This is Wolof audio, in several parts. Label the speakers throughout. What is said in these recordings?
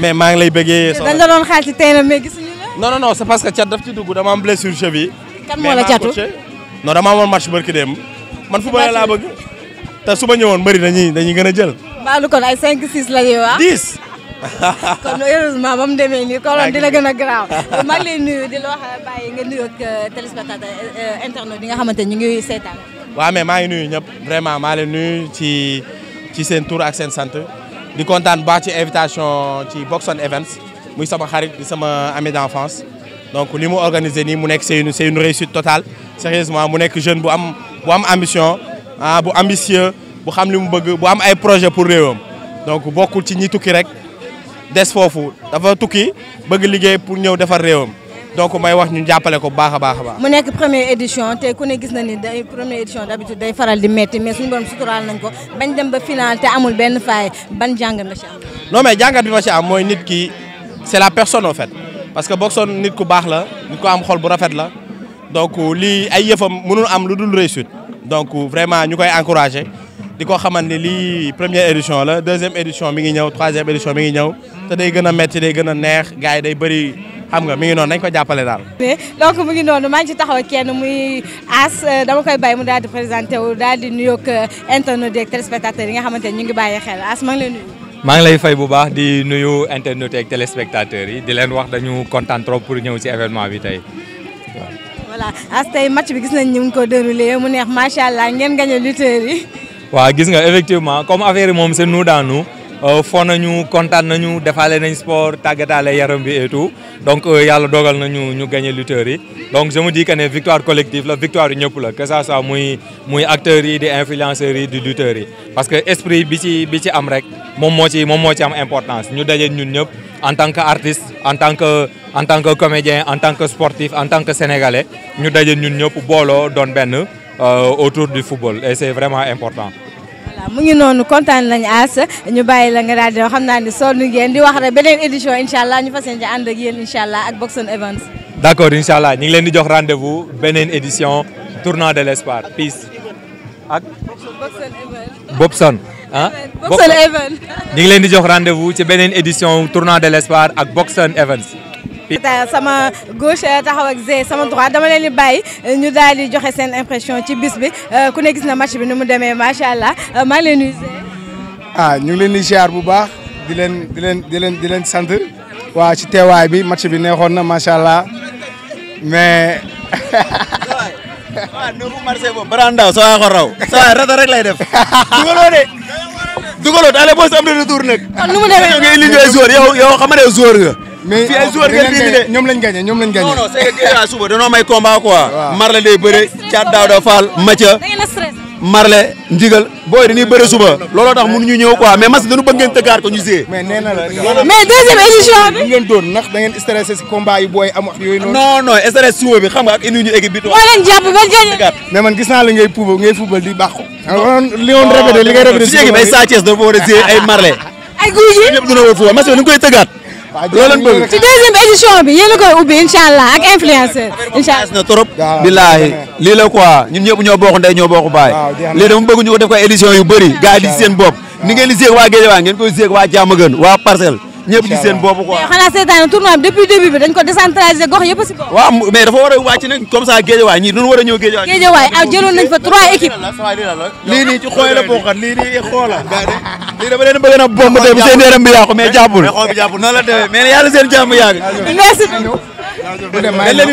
Speaker 1: mais
Speaker 2: maa ngi lay bëggee. dañ
Speaker 1: la doon xaar ci tey la mais gisuñu la. non non non c'est parce que cat
Speaker 2: daf ci dugg dama am blessure
Speaker 1: kan moo la catu
Speaker 2: non dama amoon match barki démb man football laa bëgg. te su ma ñëwoon mbëri dañuy dañuy gën a jël.
Speaker 1: baalu kon ay 5 6 la ñuy wax.
Speaker 2: 10. kon
Speaker 1: heureusement ba mu demee dina gën a garaaw maa ngi lay nuyu di nga nuyu ak euh, téléspectateur euh, ngi seetaan.
Speaker 2: waaw maa ngi nuyu ñëpp vraiment maa leen nuyu ci ci seen tur ak seen sant. di kontaan baax ci invitation ci Boxon Events muy sama xarit di sama ami d'enfance donc li mu organisé nii mu nekk c'est une c'est une réussite totale sérieusement mu nekk jeune bu am am ambition ah bu ambitieux bu xam li mu bëgg bu am ay projet pour réewam donc bokkul ci ñi tukki rek des foofu dafa tukki bëgg liggéey pour ñëw defar réewam donc mooy wax ñu jàppale ko bu baax baax baax.
Speaker 1: mu nekk première édition te ku ne gis na ni day première édition d'habitude day faral di metti mais suñu borom suturaal nañ ko bañ dem ba final te amul benn faay ban jàngat la ci am.
Speaker 2: non mais jàngat bi ma ci am mooy nit ki c'est la personne en fait parce que bokk soon nit ku baax la nit ku am xol bu rafet la donc lii ay yëfam mënul am lu dul réussite donc vraiment ñu koy encourager di ko xaman ni lii première édition la deuxième édition mi ngi ñëw troisième édition mi ngi ñëw te day gën a metti day gën a neex gars yi day bëri. xam nga mi ngi noonu nañ ko jàppale daal.
Speaker 1: donc mu ngi noonu maa ngi ci taxaw kenn muy as euh, dama koy bay mu daal di présenté wu daal di nuyoog euh, internet ak téléspectateurs yi nga xamante ne ñu ngi bàyyi xel as maa ngi lay nuyu.
Speaker 3: maa ngi lay fay bu baax di nuyu internet ak téléspectateurs yi di leen wax dañu kontaan trop pour ñëw ci événement bi tey
Speaker 1: voilà as tey match bi gis nañ ñu ngi ko déroulé mu neex macha allah ngeen gañe lutteurs yi.
Speaker 3: waaw gis nga effectivement comme affaire yi moom c'est nous dans Euh, fo nañu kontaan nañu defaale nañ sport tàggataale yaram bi et donc euh, yàlla dogal nañu ñu gagné lutteurs yi donc je me dis que ne victoire collective la victoire yi ñëpp la que ça soit muy muy acteurs yi di influenceurs yi di lutteurs parce que esprit bi ci bi ci am rek moom moo ci moom moo ci am importance ñu daje ñun ñëpp en tant que artiste en tant que en tant que comédien en tant que sportif en tant que sénégalais ñu daje ñun ñëpp booloo doon benn euh, autour du football et c'est vraiment important
Speaker 1: voilà mu ngi noonu kontaan nañu as ñu bàyyi la nga daal di xam naa ne sonn ngeen di wax rek beneen édition incha allah ñu fas yéene ànd ak yéen incha allah ak Boxing Events.
Speaker 3: d' accord incha allah ñu ngi leen di jox rendez vous beneen édition tournant de l' ak. Bobson ah Boxing ñu ngi leen di jox rendez vous ci beneen édition tournant de l' espoir ak Boxing Events.
Speaker 1: sama gauche eh, taxaw ak Zé sama droite dama leen di bàyyi eh, ñu daal di joxe seen impression ci bis bi eh, ku ne gis na match bi ni mu demee macha allah maa ngi leen nuyu
Speaker 4: ah ñu ngi leen di ziar bu baax di leen di leen di leen di leen sant waa ci teewaay bi match bi neexoon na macha allah mais. waaw nu mu marché boobu. Baranda
Speaker 5: lay def. dugaloo de. dugaloo daal boo yow yow ne
Speaker 4: joueur mais fii ay joueurs ngeen dindi de ñoom lañ gagné ñoom lañ gagné. non non c'est
Speaker 5: que Guédiawaye suba danoo may combat quoi. waaw Marley day bëre Thiat Daouda Fall Mathia. Marley ndigal booy dañuy bëre suba looloo tax mënuñu ñëw quoi mais mas dañu bëgg ngeen tëggaat ko ñu see. mais
Speaker 4: nee na la mais deuxième édition bi. ñu leen doon ndax da ngeen stressé si combat yi booy am ak yooyu noonu. non non stress suba bi xam nga ak indi ñu équipe bi. moo leen jàpp ba jëlee. mais man gis naa la ngay puubal ngay fubal di bàqu. li woon répété li ngay répété. suñu équipe ay Sa Thiès dafa war a see ay Marley. ay guy yi ñëpp dina war a fubal mas yooyu ni ñu koy tëggaat loo leen bëgg
Speaker 1: ci deuxième édition bi yéen a koy ubbi incha allah ak
Speaker 5: influenceur incha na trop billaahi lii la quoi ñun ñëpp ñoo bokk ndey ñoo bokk baay lii dama bëgg ñu ko def ko édition yu bëri gars yi di seen ni ngeen di seeg waa Guédiawaye ngeen koy seeg waa Diamaguène waa Parcelles ñëpp gis seen bopp quoi. mais
Speaker 1: xanaa seetaan depuis début bi dañ ko décentraliser gox yëpp si
Speaker 5: waaw mais dafa war a wàcc nag comme ça géejawaay ñii dañu war a ñëw géejawaay. géejawaay ah, fa trois équipes. lii nii ci xooy la bokkat lii nii xoola. lii dama leen bëgg na bomb tey bu seen yaram bi yàqu mais la demee mais yàlla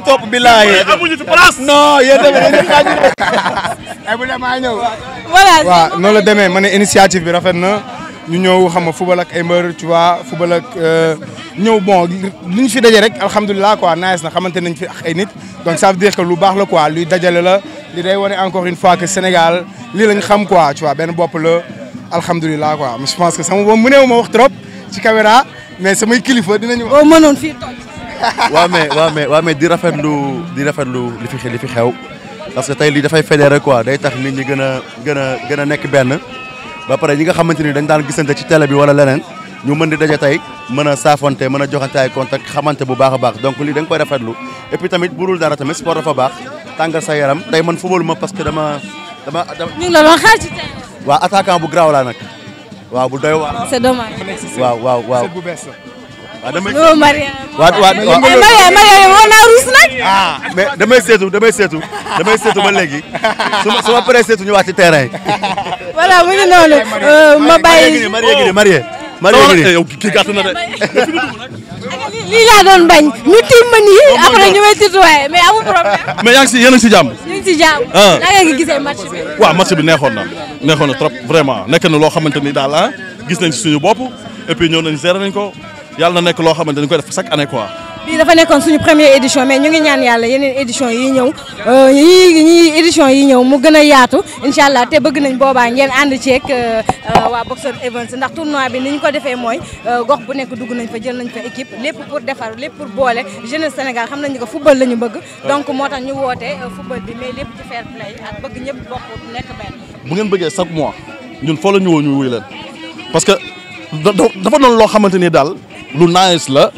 Speaker 4: ci place. non yéen tamit dañuy xaaju. voilà noonu la demee ma ne initiative bi rafet na ñu ñëw xam nga football ak ay mbër tu vois football ak euh, ñëw bon li ñu fi daje rek alhamdulillah quoi nice na xamante nañ fi ay nit donc sa veut dire que lu baax la quoi luy dajale la li day wane encore une fois que Sénégal lii lañ xam quoi tu vois benn bopp la alhamdulilah quoi je pense que sama boobu mëneewu ma wax trop ci caméra mais samay kilifa dina boo mënoon fii toog.
Speaker 5: waaw mais waaw mais waaw mais di di rafetlu li fi li fi xew parce que tey lii dafay fédéré quoi day tax nit ñi gën a gën a gën a nekk benn. ba pare ñi nga xamante ni dañ daan gisante ci tele bi wala leneen ñu mën di daje tey mën a saafonte mën a joxante ay contact xamante bu baax baax donc lii dañ koy rafetlu et puis tamit bu dul dara tamit sport dafa baax tàngal sa yaram tey man football ma parce que dama dama. ñu ngi la
Speaker 1: doon
Speaker 5: bu garaaw laa nag. waaw bu doy waar.
Speaker 1: c'est waaw
Speaker 5: waaw waaw bu bees la. waaw damay non Maria. waaw ah, mais damay seetu damay seetu damay seetu ba léegi su ma su ma paree seetu ñëwaat ci terrain
Speaker 1: voilà mu ngi noonu euh, ma bàyyi. marié
Speaker 5: marié eh, de.
Speaker 1: lii laa doon bañ ñu tiim ma nii après ñu may tutoyer mais amul problème.
Speaker 2: mais yaa ngi si yéen a ngi
Speaker 1: si jàmm. ñu ah. bi.
Speaker 2: waaw match bi neexoon na neexoon na trop vraiment nekk na loo xamante ni daal ah gis nañ si suñu bopp et puis ñëw nañ gérer nañ ko yàlla na nekk loo xamante ni ñu def chaque année quoi.
Speaker 1: bii dafa nekkoon suñu première édition mais ñu ngi ñaan yàlla yeneen édition yi ñëw euh, yii ñii édition yi ñëw mu gën a yaatu incha allah te bëgg nañ boobaa ngeen ànd ceeg euh, euh, waa Boxer Events ndax tournoi bi ni ñu ko defee mooy gox bu nekk dugg nañ fa jël nañ fa équipe lépp pour defar lépp pour boole jeunesse Sénégal xam nañ ko football la ñu bëgg donc moo tax ñu woote football bi mais lépp ci fair play ak bëgg ñëpp bokk nekk benn
Speaker 2: bu ngeen bëggee chaque mois ñun foo la ñu woo ñu wuy leen parce dafa doon loo xamante ni daal lu nice la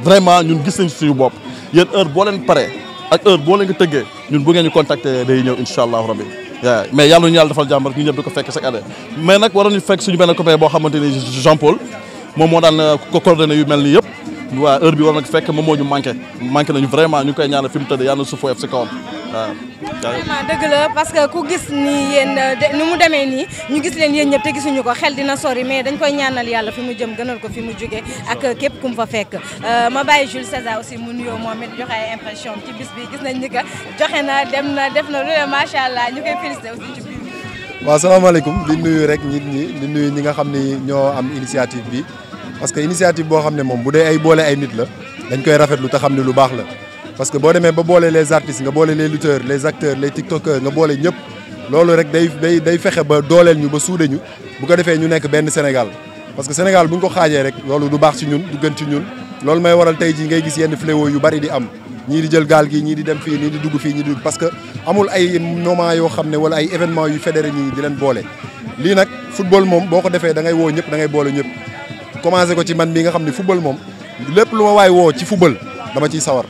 Speaker 2: vraiment ñun gis nañ suñu bopp yéen heure boo leen pare ak heure boo leen ko ñun bu ngeen ñu contacter day ñëw incha allahu rabbi waaw mais yàlla ñu yàlla defal jàmm ñu ñëpp di ko fekk chaque année mais nag waroon ñu fekk suñu benn copain boo xamante ni Jean Paul moom moo daan ko euh, coordonné yu mel nii yëpp waaw heure bi war na fekk moom moo ñu manqué manqué nañu vraiment ñu koy ñaanal fi mu tëdd yàlla na suuf woyof si kawam waaw.
Speaker 1: parce que ku gis ni yéen euh, nu mu demee nii ñu gis leen yéen ñëpp gis gisuñu ko xel dina sori mais dañ koy ñaanal yàlla fi mu jëm gënal ko fi mu jógee ak képp ku mu fa fek euh, ma bàyyi Jules César aussi mu nuyoo moom it joxe ay impression ci bi gis nañ ni que na dem na def na lu ne macha allah ñu koy félicité aussi ci
Speaker 5: waaw salaamaaleykum nuyu rek nit ñi di nuyu ñi nga xam ni ñoo am initiative bi parce que initiative boo xam ne moom bu dee ay boole ay nit la dañ koy rafetlu te xam ne lu baax la. parce que boo demee ba boole les artistes nga boole les lutteurs les acteurs les tiktokers nga boole ñëpp loolu rek day day day fexe ba dooleel ñu ba suude ñu bu ko defee ñu nekk benn Sénégal parce que Sénégal bu ñu ko xaajee rek loolu du baax ci ñun du gën ci ñun loolu may waral tey jii ngay gis yenn fléau yu bari di am ñii di jël gaal gi ñii di dem fii ñii di dugg fii ñii di parce que amul ay moment yoo xam ne wala ay événement yu fédéré ñi di leen boole lii nag football moom boo ko defee da ngay woo ñëpp da ngay boole ñëpp commencé ko ci man mi nga xam ne football moom lépp lu ma waay woo ci football dama ciy sawar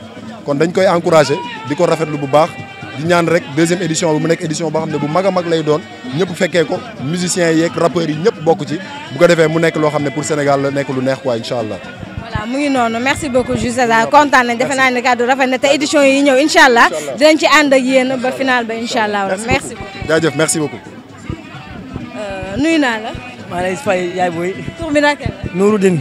Speaker 5: kon dañ koy encouragé di ko rafetlu bu baax di ñaan rek deuxième édition bi mu nekk édition boo xam ne bu mag a mag lay doon ñëpp fekkee ko musiciens yeeg rappeurs yi ñëpp bokk ci bu ko defee mu nekk loo xam ne pour Sénégal la nek lu neex quoi incha allah.
Speaker 1: voilà mu ngi noonu merci beaucoup Jules César kontaan nañ defe naa ne kàddu rafet na te édition yi ñëw incha allah dinañ ci ànd ak yéen ba final ba incha allah. merci
Speaker 5: beaucoup jaajëf merci beaucoup.
Speaker 1: Euh, nuyu naa la. maa lay fay yaay booy. tur bi naka la.
Speaker 5: Nouroudine.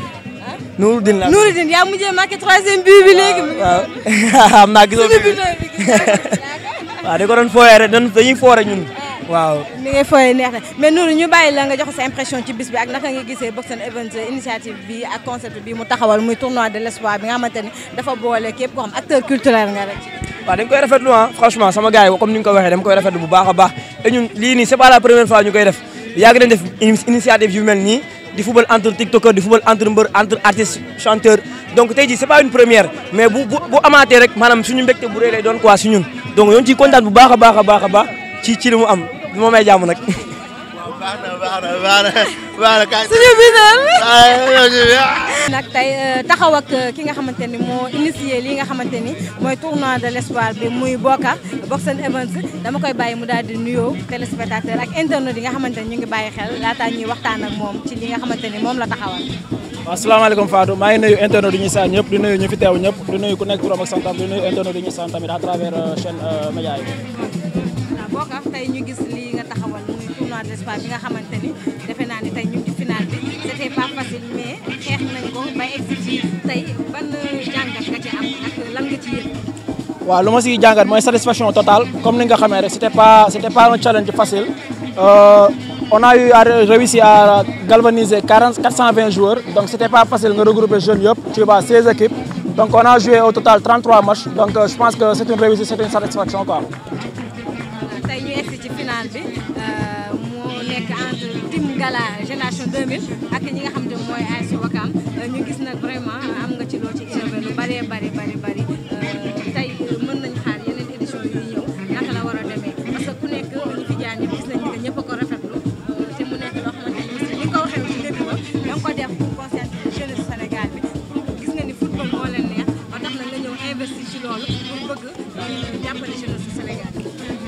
Speaker 6: Nouroudine la Nouroudine
Speaker 1: yaa mujjee marqué troisième but bi léegi.
Speaker 6: waaw am naa gisoo bi waaw di ko doon
Speaker 1: eh, mais Nourou ñu bàyyi la nga joxe sa impression ci bis bi ak naka nga Box and Events initiative bi ak concept bi mu taxawal muy tournoi de l'espoir bi nga xamante ni dafa boole képp koo xam acteur culturel nga rek.
Speaker 6: waaw dañ koy rafetlu ah franchement sama gars yi comme ni nga ko waxee dama koy rafetlu bu baax a baax te lii nii c'est pas la première fois ñu koy def yàgg nañ def di football entre tiktokeur di football entre mbër entre artiste chanteur donc tey jii c'est une première mais bu bu bu amaatee rek maanaam suñu mbégte bu rëy lay doon quoi si ñun donc ñoo ngi kontaan bu baax a baax a baax a baax ci ci li mu am bi moo may jàmm nag
Speaker 5: baax na baax na baax na baax na kaay. suñu
Speaker 1: euh, taxaw ak euh, ki nga xamante ni moo initié lii nga xamante ni mooy tournoi de l'espoir bi muy Bokar Boxing Events dama koy bàyyi mu daal di nuyoo téléspectateur ak internet yi nga xamante ni ñu ngi bàyyi xel laataa ñuy waxtaan ak moom ci li nga xamante ni moom la taxaw
Speaker 6: waaw asalaamaaleykum Fatou maa ngi nuyu internet yi ñuy saan ñëpp di nuyu ñu fi teew ñëpp di nuyu ku nekk turam ak santam di nuyu internet yi ñuy saan tamit à travers euh, chaîne média
Speaker 1: victoire n'est-ce bi nga xamante ni defe naa ni tey ñu ngi final bi c'était pas facile mais xeex nañ ko ba egsi ci tey ban jàngat nga ci am ak lan nga ci yëg.
Speaker 6: waaw lu ma siy jàngat mooy satisfaction totale comme ni nga xamee rek c'était pas c'était pas un challenge facile. Euh, on a eu à réussi à galvaniser 40 420 joueurs donc c'était pas facile nga regrouper jeunes yëpp tu vois 16 équipes donc on a joué au total 33 matchs donc euh, je pense que c'est une réussite c'est une satisfaction quoi.
Speaker 1: tey nekk entre team Gala génération 2000 ak ñi nga xam te mooy ASC Ouakam ñu gis nag vraiment am nga ci loo ci innover lu bëree bëri bëri bëri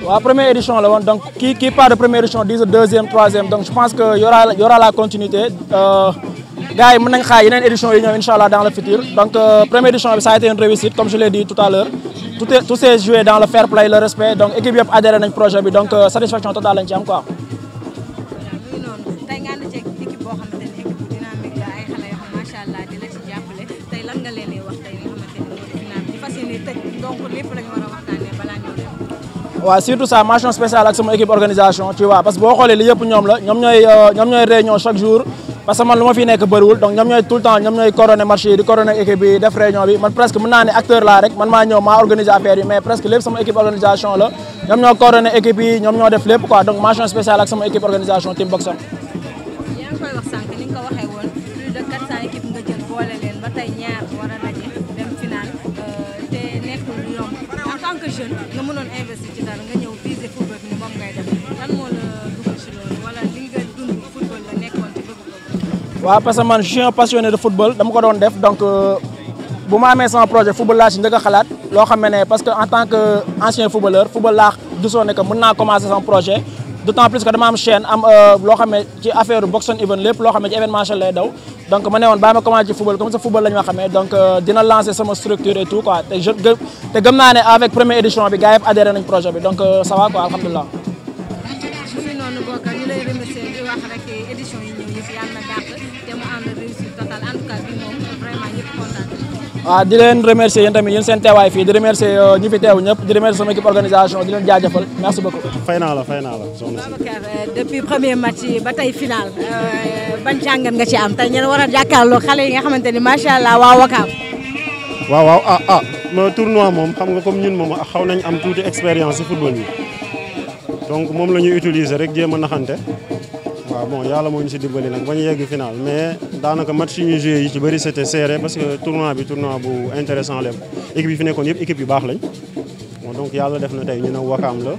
Speaker 6: waa première édition la woon donc qui qui de première édition dit deuxième troisième donc je pense que y aura y aura la continuité euh, gars yi mën nañ xaar yeneen édition yi ñëw incha dans le futur donc euh, première édition bi ça a été une réussite comme je l'ai dit tout à l'heure tout est tout dans le fair play le respect donc équipe yëpp adhéré nañ projet bi donc euh, satisfaction totale lañ ci am waaw surtout ça mention spéciale ak sama équipe organisation tu vois parce que boo xoolee li yëpp ñoom la ñoom ñooy euh, ñoom ñooy réunion chaque jour parce que man lu ma fi nekk bëriwul donc ñoom ñooy tout le temps ñoom ñooy coordonné marché di coordonné équipe def réunion bi man presque mën naa acteur laa rek man maa ñëw maa organisé affaire yi mais presque lépp sama équipe organisation la ñoom ñoo coordonné équipe ñoom ñoo def lépp quoi donc mention spéciale ak sama équipe organisation
Speaker 1: jeune nga mënoon investir ci dara nga ñëw viser football moom ngay def lan moo la dugg ci loolu wala li nga dund football
Speaker 6: la nekkoon waaw parce man je suis de football dama ko doon def donc euh, bu mu amee sama projet football laa si njëkk xalaat loo xam ne parce que en tant que ancien footballeur football laa du ne que mun naa commencer sama projet. d'autant plus que dama am chaîne am euh, loo xam ne ci affaire boxing event lépp loo xam ne ci événementiel lay daw donc ma ne woon bàyyi ma commencé ci football comme ça football la ñu xamee donc euh, dina lancer sama structure et tout quoi te gëm naa ne avec première édition bi gars yëpp adhéré nañ projet bi donc euh, ça va quoi waaw ah, di leen remercier yéen tamit yéen seen teewaay fii di remercier euh, ñi fi teew ñëpp di remercier sama équipe organisation di leen jaajëfal merci beaucoup. fay naa la fay naa la soxna si.
Speaker 7: Babacar euh,
Speaker 1: depuis premier match ba tey final euh, ban jàngat nga ci am tey ñeen war a jàkkaarloo xale yi nga xamante ni macha allah waa Wakaam.
Speaker 7: waaw waaw ah ah ma tournoi moom xam nga comme ñun moom ah, xaw nañ am tuuti expérience si football bi donc moom la ñuy utiliser rek jéem a naxante. waaw bon yàlla moo ñu si dimbali nag ba yegg final mais daanaka match yi ñu joué yi ci bëri c'était serré parce que tournoi bi tournoi bu intéressant la équipe yi fi nekkoon yëpp équipe yu baax lañ donc yàlla def na tey ñu ne wakaam la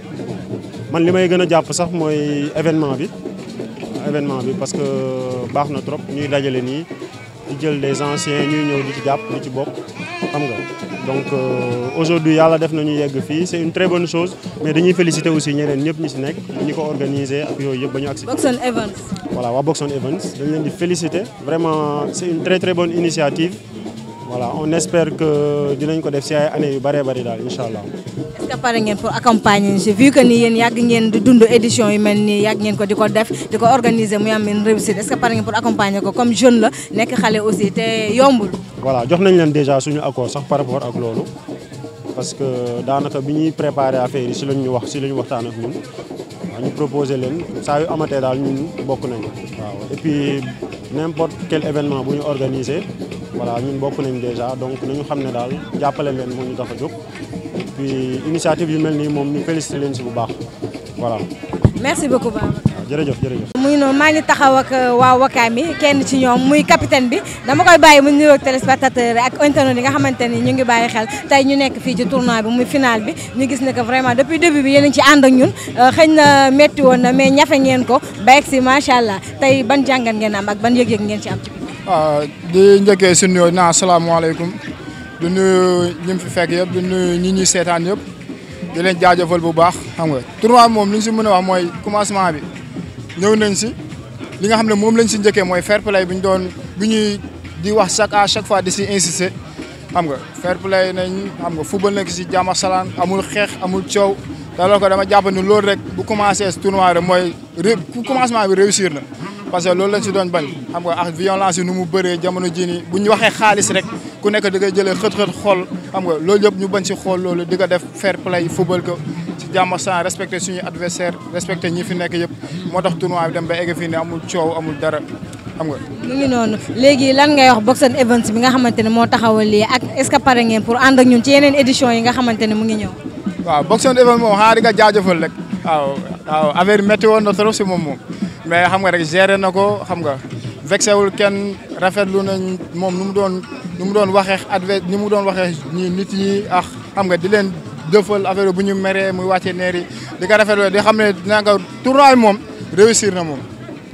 Speaker 7: man li may gën a jàpp sax mooy événement bi événement bi parce que baax na trop ñuy dajale nii di jël des anciens ñuy ñëw di ci jàpp di ci bokk xam nga donc euh, aujourd'hui yàlla def na ñu yegg fii c'est une très bonne chose mais dañuy féliciter aussi ñeneen ñëpp ñi si nekk ñi ko organiser ak yooyu yëpp ba ñu agsi Boxon Events voilà waa Boxon Events dañ leen di félicité vraiment c'est une très très bonne initiative voilà on espère que dinañ ko def si ay années yu bëree bëri daal incha allah.
Speaker 1: est-ce que pare ngeen pour accompagner si vu que ni yéen yàgg ngeen di dund édition yu mel nii yàgg ngeen ko di ko def di ko organiser mu am une réussite est-ce que pare ngeen pour accompagner ko comme jeune la nekk xale aussi te
Speaker 7: yombul. voilà jox nañ leen déjà suñu accord sax par rapport ak loolu parce que daanaka bi ñuy préparer affaire yi si lañ ñu wax si la ñu waxtaan ak ñun waaw ñu proposer leen saa yu amatee daal ñun bokk nañu waaw et puis n'importe événement bu ñu organiser. voilà ñun bokk nañ déjà donc nañu xam ne daal jàppale leen moo ñu tax a jóg et puis initiative yu mel nii moom ñu félicité si bu baax voilà.
Speaker 1: merci beaucoup Baba. waaw
Speaker 7: ah, jërëjëf jërëjëf.
Speaker 1: muy noonu maa ngi taxaw ak euh, waa Wakaam yi kenn ci ñoom muy capitaine bi dama koy bàyyi mu nuyoog téléspectateur ak internautes yi nga xamante ni ñu ngi bàyyi xel tey ñu nekk fii ci tournoi bi muy final bi ñu gis ne que vraiment depuis début bi yéen a ngi ci ànd ak ñun euh, xëy na métti woon na mais ñafe ngeen ko ba egg si macha allah tey ban jàngat ngeen am ak ban yëg-yëg ngeen ci am
Speaker 4: waaw di njëkkee si nuyoo naa asalaamaaleykum di nuyu ñi mu fi fekk yëpp di nuyu ñi ñuy seetaan yëpp di leen jaajëfal bu baax xam nga tournoi moom li ñu si mën a wax commencement bi ñëw nañ si li nga xam ne moom lañ si njëkkee mooy fair play bi ñu doon bi ñuy di wax chaque à chaque fois di si insister xam nga fair play nañ xam nga football nekk si jàmm ak amul xeex amul coow te loolu ko dama jàpp loolu rek bu commencé tournoi rek mooy ku commencement bi réussir na. parce que loolu lañ si doon bañ xam nga ak violence nu mu bëree jamono jii nii bu ñu waxee xaalis rek ku nekk di koy jëlee xët-xët xool xam nga loolu yëpp ñu bañ si xool loolu di ko def fair play football ko si jàmm sans respecté suñu adversaire respecté ñi fi nekk yëpp moo tax tournoi dem ba egg fii ne amul coow amul dara xam nga.
Speaker 1: mu ngi noonu léegi lan nga wax Box and Events bi nga xamante ne moo taxawal lii ak est-ce que pare ngeen pour ànd ak ñun ci yeneen édition ne mu ngi ñëw.
Speaker 4: waaw Box and Events na trop moom moom mais xam nga rek géré na ko xam nga vexewul kenn rafetlu nañ moom nu mu doon nu mu doon waxee adve ni mu doon waxee ñi nit ñi ak xam nga di leen dëfal affaire bu ñu meree muy wàccee neer yi di ko rafetlu di xam ne dinaa nga tournoi moom réussir na moom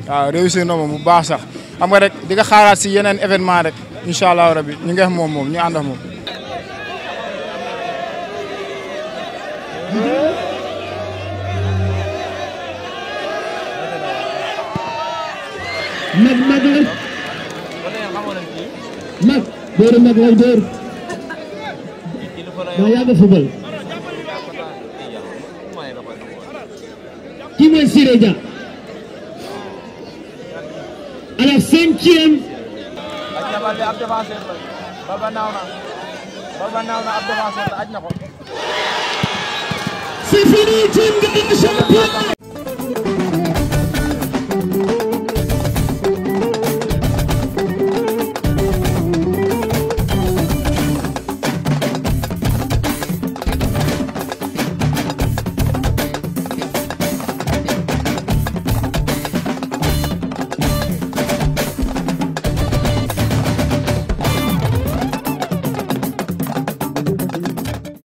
Speaker 4: waaw réussir na moom bu baax sax xam nga rek di nga xaaraat si yeneen événement rek incha allah rabi ñu ngeex moom moom ñu ànd ak moom
Speaker 6: mag mag la mag dóoru mag lay dóor daa yàgg football
Speaker 5: qui mooy Siré Dia
Speaker 7: à la cinquième
Speaker 6: c'est fini team de champion